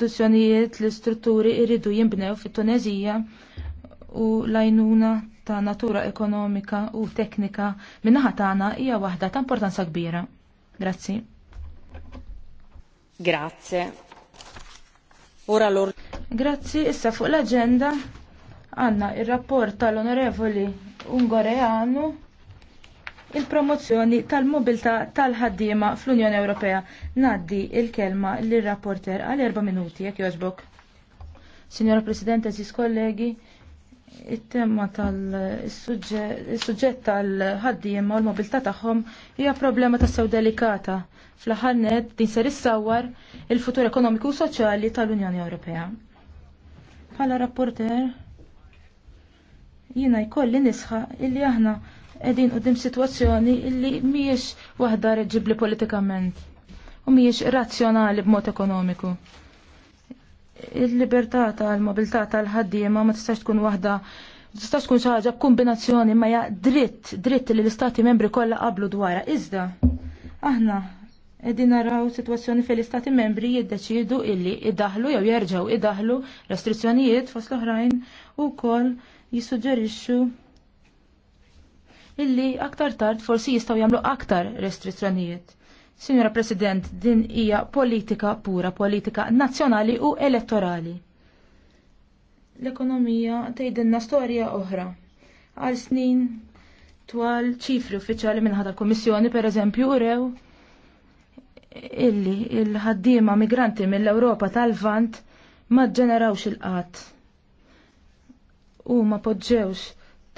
l-istituzzjonijiet, l-istrutturi jridu jinbnew fit-Tunezija u l-għajnuna ta' natura ekonomika u teknika minnaħa tagħna hija waħda ta' importanza kbira. Grazzi. Grazie. Ora lor. Grazzi, issa fuq l-agenda għanna il-rapport tal-onorevoli Ungoreanu il-promozzjoni tal-mobilta tal-ħaddiema fl-Unjoni Ewropea. Naddi il-kelma l-rapporter għal erba' minuti jekk jogħġbok. Signora Presidente, Zis kollegi, it-tema tal-suġġett tal-ħaddiema u l-mobilta tagħhom hija problema ta' sew delikata fl-aħħar net din ser issawwar il-futur ekonomiku u soċjali tal-Unjoni Ewropea. Bħala rapporter, jina jkolli nisħa illi aħna edin qudiem situazzjoni illi mhijiex waħda reġibli politikament u mhijiex razzjonali b'mod ekonomiku. Il-libertà tal-mobilità tal-ħaddiema ma tistax tkun waħda tistax tkun xaġa ħaġa b'kombinazzjoni ma hija dritt, dritt li l-istati membri kollha qablu dwarha. Iżda aħna Edin naraw situazzjoni l istati membri jiddeċidu illi iddaħlu jew jerġgħu iddaħlu restrizzjonijiet fost l-oħrajn u kol jissuġġerixxu illi aktar tard forsi jistgħu jagħmlu aktar restrizzjonijiet. Signora President, din hija politika pura, politika nazzjonali u elettorali. L-ekonomija tgħidilna storja oħra. Għal snin twal ċifri uffiċjali minn ħadha l-Kummissjoni pereżempju rew illi il-ħaddiema migranti mill-Ewropa tal-Vant ma ġenerawx il-qatt u ma poġġewx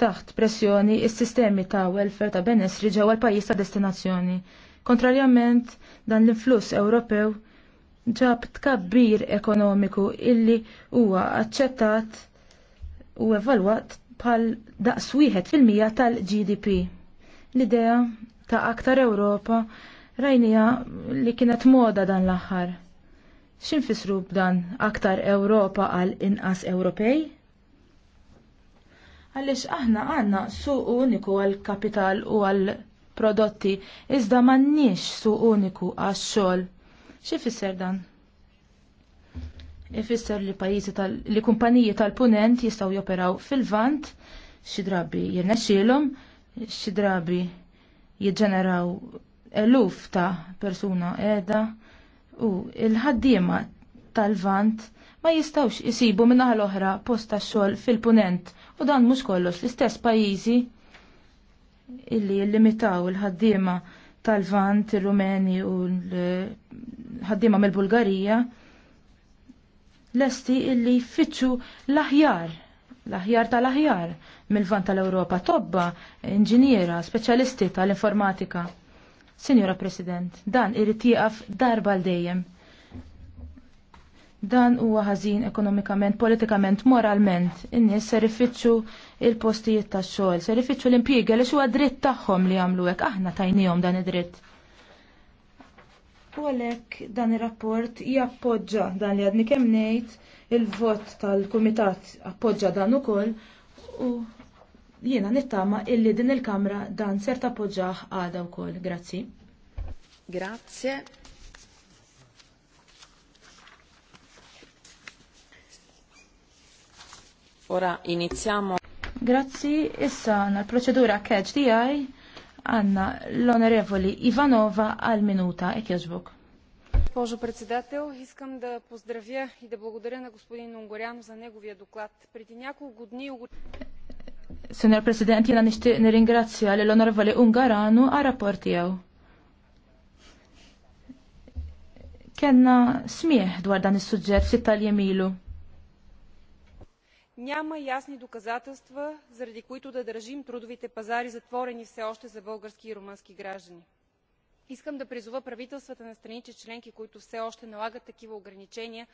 taħt pressjoni is-sistemi ta' welfare ta' benessri ġew l-pajjiż ta' destinazzjoni. Kontrarjament dan l-influss Ewropew ġab tkabbir ekonomiku illi huwa aċċettat u evalwat bħal daqs wieħed fil-mija tal-GDP. L-idea ta' aktar Ewropa rajnija li kienet moda dan l-aħħar. X'infisru b'dan aktar Ewropa għal inqas Ewropej? għaliex aħna għandna suq uniku għal kapital u għal prodotti, iżda m'għandniex suq uniku għax xogħol. X'ifisser fisser dan? Ifisser li pajjiżi tal li kumpaniji tal-punent jistgħu joperaw fil-vant, xi drabi jirnexxielhom, xi drabi jiġġeneraw eluf ta' persuna qiegħda u l ħaddiema tal-vant ma jistawx isibu l oħra post tax-xogħol fil-punent u dan mhux kollox l-istess pajjiżi illi limitaw il-ħaddiema tal-vant ir-Rumeni u l-ħaddiema mill-Bulgarija lesti illi jfittxu l-aħjar l-aħjar tal-aħjar mill-vant tal-Ewropa tobba inġiniera, speċjalisti tal-informatika. Sinjora President, dan irrid jieqaf darba l dejjem Dan huwa ħażin ekonomikament, politikament, moralment. In-nies ser ifittxu il-postijiet tax-xogħol, ser ifittxu l-impjiega li huwa dritt tagħhom li jagħmlu hekk, aħna tajnihom dan id-dritt. U għalek dan ir-rapport jappoġġa dan li għadni kemm ngħid il-vot tal-kumitat appoġġa dan ukoll u jiena nittama illi din il-kamra dan ser tappoġġah għada wkoll. Grazzi. Grazie. Ora iniziamo. Grazzi, issa għanna l-proċedura catch di għanna l-onorevoli Ivanova għal-minuta e kjoġbuk. Госпожо председател, искам да поздравя и да благодаря на господин Унгорян за неговия доклад. Преди няколко дни... Сенер Президент, jena nishtiq nirringrazzja l onorevoli Ungaranu għal а рапорт яу. Кенна смех, dan is-suġġett fit Италия Милу няма ясни доказателства, заради които да държим трудовите пазари затворени все още за български и румънски граждани. Искам да призова правителствата на страните членки, които все още налагат такива ограничения,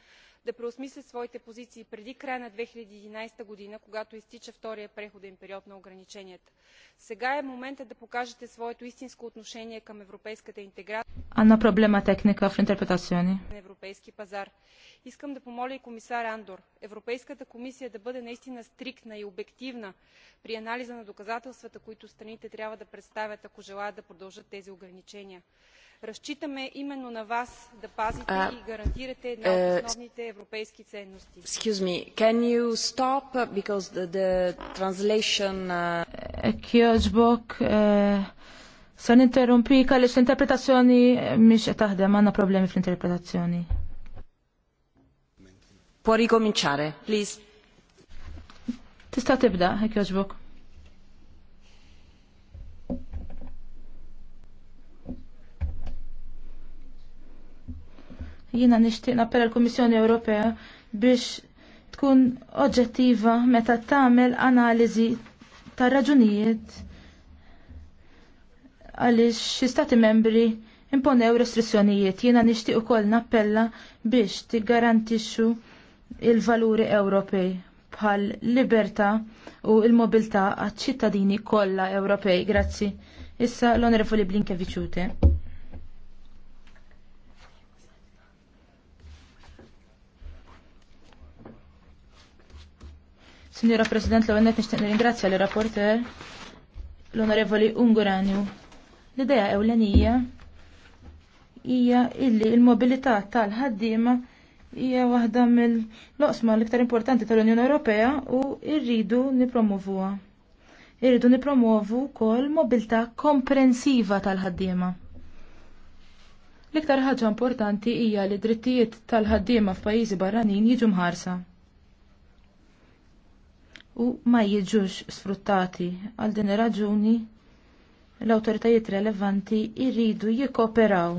да преосмислят своите позиции преди края на 2011 година, когато изтича втория преходен период на ограниченията. Сега е моментът да покажете своето истинско отношение към европейската интеграция. Għanna problema teknika fl-interpretazzjoni. Европейски пазар. Искам да помоля и комисар Андор, Европейската комисия да бъде наистина стриктна и обективна при анализа на доказателствата, които страните трябва да представят, ако желаят да продължат тези ограничения. Разчитаме именно на вас да пазите uh, и гарантирате една от основните европейски ценности. Excuse me, can you stop because the, the translation... Uh... uh... Sa ninterrumpi għaliex l-interpretazzjoni mhix qed taħdem għandna problemi fl-interpretazzjoni. Può ricominciare, please. Tista' tibda, hekk jogħġbok. Jiena nixtieq nappella l-Kummissjoni Ewropea biex tkun oġġettiva meta tagħmel analiżi tar-raġunijiet għaliex xi stati membri imponew restrizzjonijiet. Jiena nixtieq ukoll nappella biex tiggarantixxu il-valuri Ewropej bħal libertà u l mobilità għaċ-ċittadini kollha Ewropej. Grazzi. Issa l-Onorevoli Blinkeviċute. Signora President, l-għennet nishtiq ringrazzja l-rapporter l-Onorevoli Unguraniu L-idea ewlenija hija illi l-mobilità tal-ħaddiema hija waħda mill-loqsma l-iktar importanti tal-Unjoni Ewropea u rridu nipromovuha. Irridu nipromovu wkoll mobilità komprensiva tal-ħaddiema. L-iktar ħaġa importanti hija li drittijiet tal-ħaddiema f'pajjiżi barranin jiġu mħarsa. U ma jiġux sfruttati għal din ir-raġuni l-awtoritajiet relevanti jridu jikkooperaw.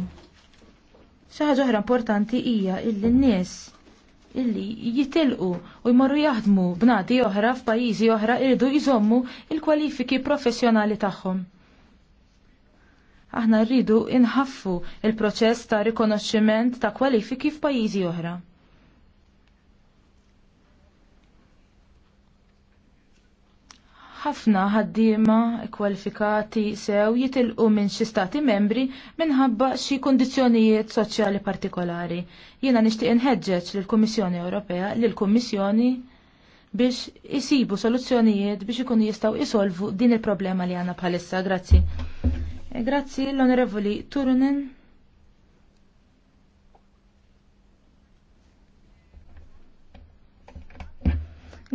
Xi ħaġa oħra importanti hija illi n-nies illi jitilqu u jmorru jaħdmu b'nadi oħra f'pajjiżi oħra jridu jżommu il-kwalifiki professjonali tagħhom. Aħna rridu inħaffu il-proċess ta' rikonoxximent ta' kwalifiki f'pajjiżi oħra. ħafna ħaddiema kwalifikati sew jitilqu minn xi stati membri minħabba xi kundizzjonijiet soċjali partikolari. Jiena nixtieq inħeġġeġ lill-Kummissjoni Ewropea lill kummissjoni biex isibu soluzzjonijiet biex ikunu jistgħu isolvu din il-problema li għandna bħalissa. Grazzi. Grazzi l-Onorevoli Turunen.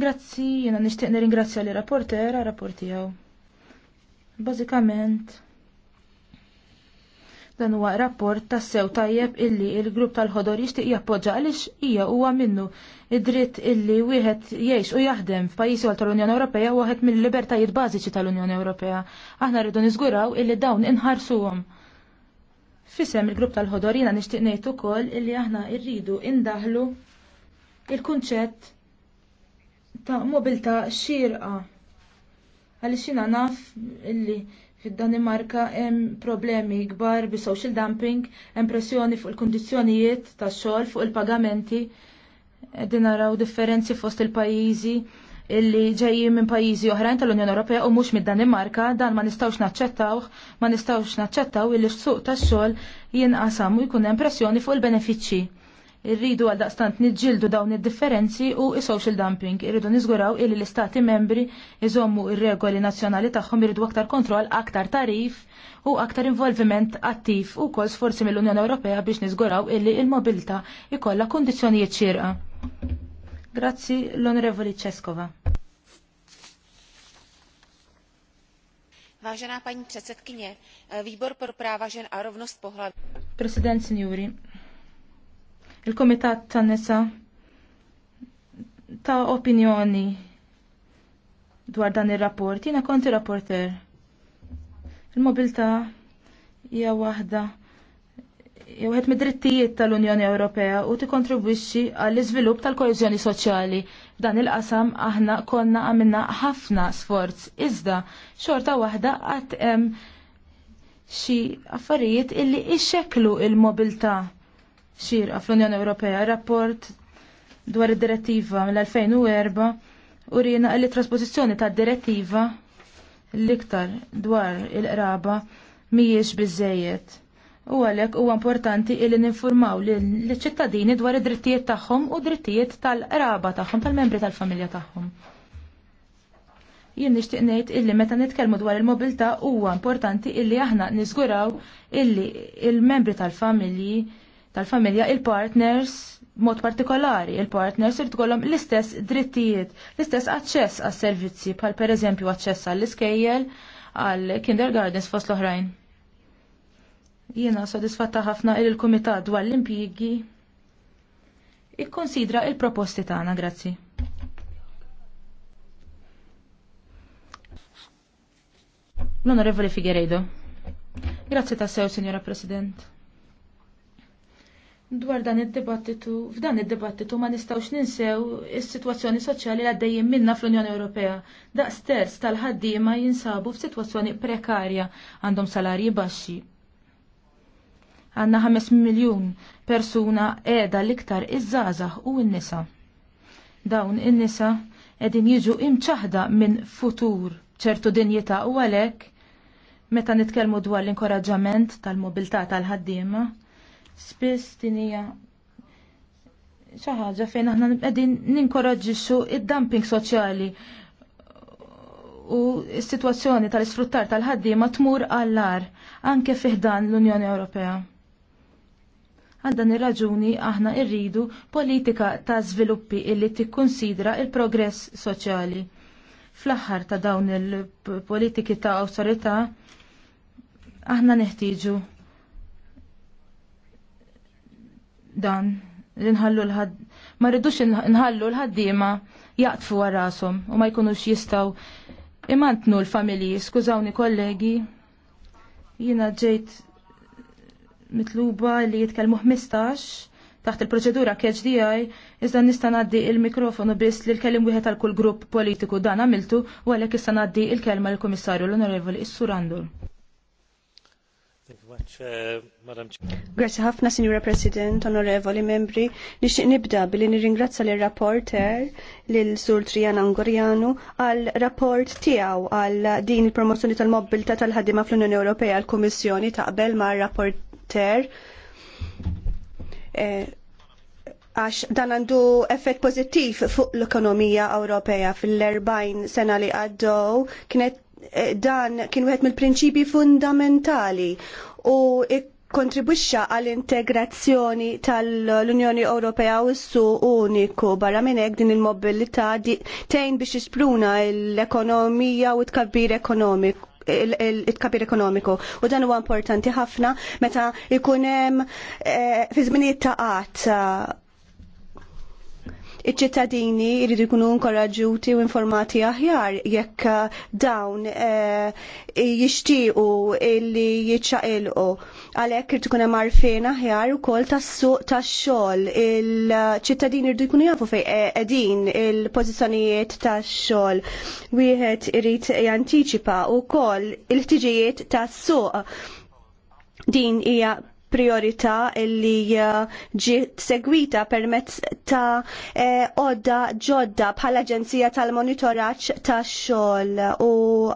Grazzi, jena nishtiq nirringrazzja li rapportera rapportijaw. Bażikament, dan huwa rapport tas sew tajjeb illi il-grupp tal-ħodor jishtiq jappoġġa għaliex hija huwa minnu id-dritt illi wieħed jgħix u jaħdem f'pajjiżi għal tal-Unjoni Ewropea u waħed mill-libertajiet bażiċi tal-Unjoni Ewropea. Aħna rridu niżguraw illi dawn inħarsuhom. Fisem il-grupp tal-ħodor jiena nixtieq ngħid ukoll illi aħna rridu indaħlu il-kunċett ta' mobilità xierqa. Għaliex jiena naf illi fid-Danimarka hemm problemi kbar bi social dumping, hemm pressjoni fuq il-kundizzjonijiet tax-xogħol fuq il-pagamenti, qegħdin naraw differenzi fost il-pajjiżi illi ġejjin minn pajjiżi oħrajn tal-Unjoni Ewropea u mhux mid-Danimarka, dan ma nistgħux naċċettawh, ma nistgħux naċċettaw illi s suq tax-xogħol jinqasam u jkun hemm pressjoni fuq il-benefiċċji Irridu għal daqstant nidġildu dawn id-differenzi u is-social dumping. Irridu niżguraw illi l-istati membri iżommu ir-regoli nazzjonali tagħhom irridu aktar kontroll, aktar tarif u aktar involviment attiv u kol sforzi mill-Unjoni Ewropea biex niżguraw illi il-mobilta ikollha kondizzjonijiet xirqa. Grazzi l-Onorevoli Ceskova. Vážená paní předsedkyně, eh, výbor pro práva žen a rovnost pohlaví. Prezident signori, Il-Komitat tan nisa ta' opinjoni dwar dan ir-rapport. Jiena konti rapporter. Il-mobilta hija waħda jew qed mid-drittijiet tal-Unjoni Ewropea u tikkontribwixxi għall iżvilupp tal-koeżjoni soċjali. F'dan il-qasam aħna konna għamilna ħafna sforz iżda xorta waħda għat hemm xi affarijiet illi ixxeklu il-mobilità xirqa fl-Unjoni Ewropea rapport dwar id-direttiva mill-2004 u rina li trasposizjoni ta' direttiva l-iktar dwar il-qraba mhijiex bizzejiet. U għalhekk huwa importanti li ninformaw l ċittadini dwar id-drittijiet tagħhom u drittijiet tal-qraba tagħhom tal-membri tal-familja tagħhom. Jien nixtieq ngħid illi meta nitkellmu dwar il-mobilità huwa importanti illi aħna niżguraw illi il-membri tal-familji il membri tal familji tal-familja il-partners mod partikolari, il-partners irid ikollhom l-istess drittijiet, l-istess aċċess għas servizzi bħal pereżempju aċċess għall-iskejjel, għall kindergardens fost l-oħrajn. Jiena sodisfatta ħafna il kumitat dwar l-impjigi ikkonsidra il-proposti tagħna, grazzi. L-Onorevoli Figueredo. Grazzi sew Signora President. Dwar dan id-dibattitu, f'dan id-dibattitu ma nistgħux ninsew is-sitwazzjoni soċjali li għaddejjin minna fl-Unjoni Ewropea. Da sters tal-ħaddiema jinsabu f'sitwazzjoni prekarja għandhom salarji baxxi. Għanna 5 miljun persuna qiegħda l-iktar iż żazah u n-nisa. Dawn in-nisa qegħdin jiġu imċaħda minn futur ċertu dinjità u għalhekk meta nitkellmu dwar l-inkoraġġament tal-mobilità tal-ħaddiema. tal mobilità tal ħaddiema Spiss din hija xi ħaġa fejn aħna qegħdin ninkoraġġixxu id-dumping soċjali u s-sitwazzjoni tal-isfruttar tal-ħaddiema tmur għallar anke fiħdan l-Unjoni Ewropea. Għal dan ir-raġuni aħna rridu politika ta' żviluppi illi tikkunsidra il-progress soċjali. Fl-aħħar ta' dawn il-politiki ta' awtorità aħna neħtieġu dan li nħallu l-ħad ma rridux nħallu l-ħaddiema jaqtfu għarasom u ma jkunux jistaw imantnu l-familji, skużawni kollegi, jina ġejt mitluba li jitkelmu 15 taħt il-proċedura KHDI, iżda nista' ngħaddi il-mikrofonu biss li l-kellim wieħed għal kull grupp politiku dan għamiltu u għalhekk issa ngħaddi il-kelma l-Kummissarju l-Onorevoli Issurandur. Uh, Grazie ħafna, Signora President, onorevoli membri. Nixtieq nibda billi nirringrazzja l rapporter lil Sur Triana Angorjanu għal rapport tiegħu għal din il-promozzjoni tal-mobilità tal-ħaddiema fl-Unjoni Ewropea għal kummissjoni taqbel ma' rapporter eh, għax dan għandu effett pozittiv fuq l-ekonomija Ewropea fil-40 sena li għaddew kienet dan kien wieħed mill-prinċipi fundamentali u kontribwixxa għall integrazzjoni tal-Unjoni Ewropea u s su uniku barra minn hekk din il-mobilità tejn biex ispruna l-ekonomija u t-kabbir ekonomiku il-kabir ekonomiku u dan huwa importanti ħafna meta ikunem hemm eh, fi żminijiet ta' qatt iċ-ċittadini jridu jkunu nkoraġġuti u informati aħjar jekk eh, dawn eh, jixtiequ illi jiċċaqilqu. Għalhekk irid ikun hemm għarfien aħjar ukoll tas-suq tax-xogħol. Il-ċittadini jridu jkunu jafu fejn eh, qegħdin il-pożizzjonijiet tax-xogħol. Wieħed irid jantiċipa wkoll il-ħtiġijiet tas-suq. Din hija priorità li uh, ġiet segwita permezz ta' eh, odda ġodda bħal aġenzija tal-monitoraġġ tax-xogħol u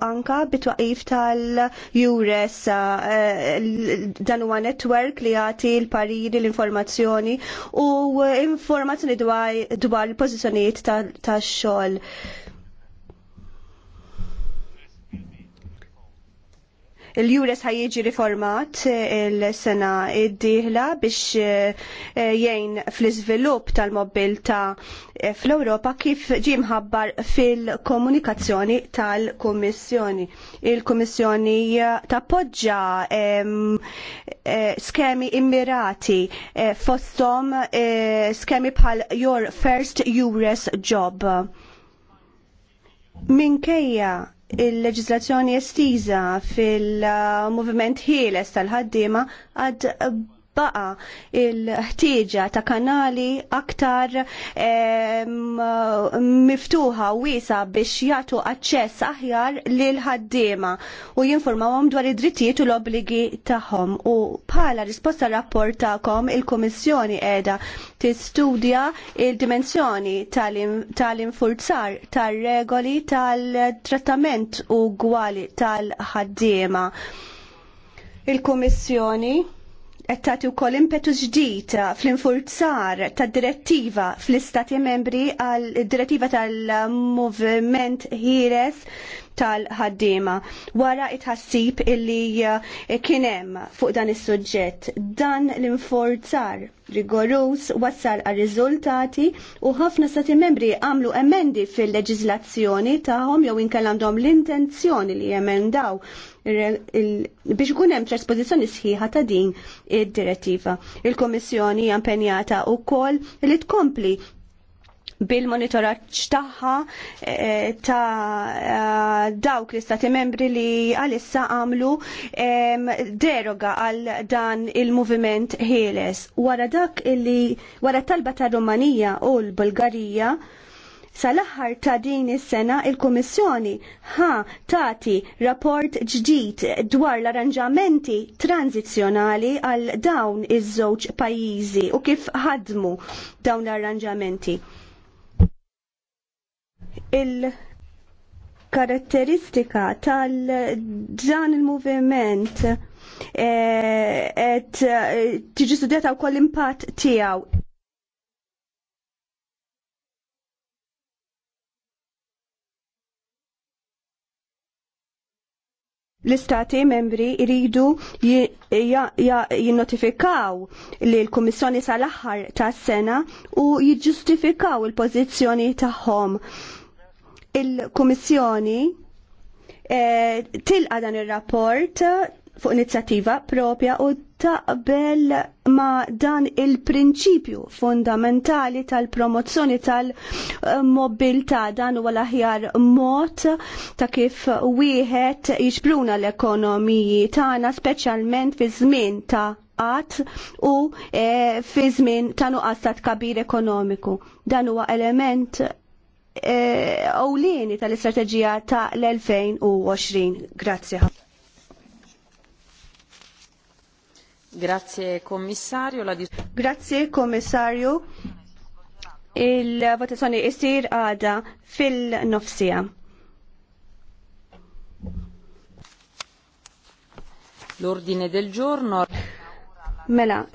anka bitwaqif tal-Jures eh, dan huwa netwerk li jagħti l-pariri l-informazzjoni u informazzjoni dwar il-pożizzjonijiet tax-xogħol. il-jures jieġi riformat eh, il-sena id-dihla biex eh, eh, jgħin fl-izvilup tal-mobilta fl-Europa kif ġi mħabbar fil-komunikazzjoni tal-Kommissjoni. Il-Kommissjoni tappoġġa skemi immirati fostom skemi bħal Your First Jures Job. Minkejja il-leġislazzjoni estiża fil-moviment ħieles tal-ħaddiema għad baqa il-ħtieġa ta' kanali aktar miftuħa u wiesa biex jagħtu aċċess aħjar lil ħaddiema u jinformawhom dwar id-drittijiet u l-obbligi tagħhom. U bħala risposta rapportakom il-Kummissjoni qiegħda tistudja il-dimensjoni tal-infurzar tal-regoli tal-trattament u gwali tal-ħaddiema. Il-Kummissjoni qed tagħti wkoll impetu ġdid fl-infurzar tad-direttiva fl-istati membri għal direttiva tal-moviment HIRES tal-ħaddiema wara it-ħassib illi eh, kienem fuq dan is-suġġett. Dan l-inforzar rigorus wassal għal riżultati u ħafna stati membri għamlu emendi fil-leġizlazzjoni tagħhom jew inkella għandhom l-intenzjoni li jemendaw biex ikun hemm trasposizzjoni sħiħa ta' din id-direttiva. Il-Kommissjoni impenjata wkoll li tkompli bil-monitoraġġ tagħha eh, ta' eh, dawk l-istati membri li għalissa għamlu deroga għal dan il-moviment ħieles. Wara dak illi wara talba ta' Rumanija u l-Bulgarija sal-aħħar ta' din is-sena il-Kummissjoni ħa tagħti rapport ġdid dwar l-arranġamenti tranzizzjonali għal dawn iż-żewġ pajjiżi u kif ħadmu dawn l-arranġamenti il- karatteristika tal dan il-moviment eh, et eh, tiġi studjata wkoll impatt tiegħu. L-istati membri jridu jinnotifikaw li l-Kummissjoni sal-aħħar tas-sena u jiġġustifikaw il-pożizzjoni tagħhom. Il-Kummissjoni eh, tilqa dan ir-rapport fuq inizjattiva propja u taqbel ma dan il-prinċipju fundamentali tal-promozzjoni tal-mobilità dan huwa l-aħjar mod ta' kif wieħed jiġbruna l-ekonomiji tagħna speċjalment fi żmien ta' qatt u e, fi żmien ta' nuqqas ta' tkabir ekonomiku. Dan huwa element Eh, ewlieni tal-istrateġija ta' l-2020. Grazie. Grazie Kommissarju. La... Grazie Kommissarju. Il-votazzjoni isir għada fil-nofsija. L'ordine del giorno. Mela,